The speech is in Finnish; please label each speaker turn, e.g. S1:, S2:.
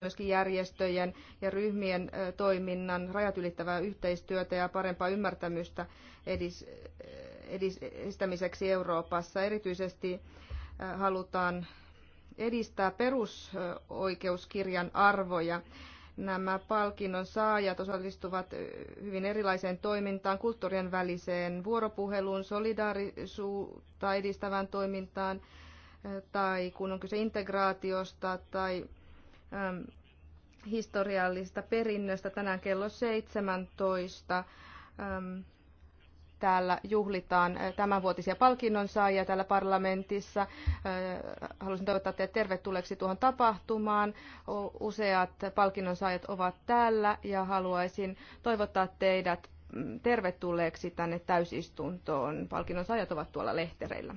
S1: myöskin järjestöjen ja ryhmien toiminnan rajat ylittävää yhteistyötä ja parempaa ymmärtämystä edis, edistämiseksi Euroopassa. Erityisesti halutaan edistää perusoikeuskirjan arvoja. Nämä palkinnon saajat osallistuvat hyvin erilaiseen toimintaan, kulttuurien väliseen vuoropuheluun, solidaarisuutta edistävään toimintaan tai kun on kyse integraatiosta tai Ähm, historiallista perinnöstä. Tänään kello 17 ähm, täällä juhlitaan äh, tämänvuotisia palkinnonsaajia täällä parlamentissa. Äh, haluaisin toivottaa teidät tervetulleeksi tuohon tapahtumaan. Useat palkinnonsaajat ovat täällä ja haluaisin toivottaa teidät mm, tervetulleeksi tänne täysistuntoon. Palkinnonsaajat ovat tuolla lehtereillä.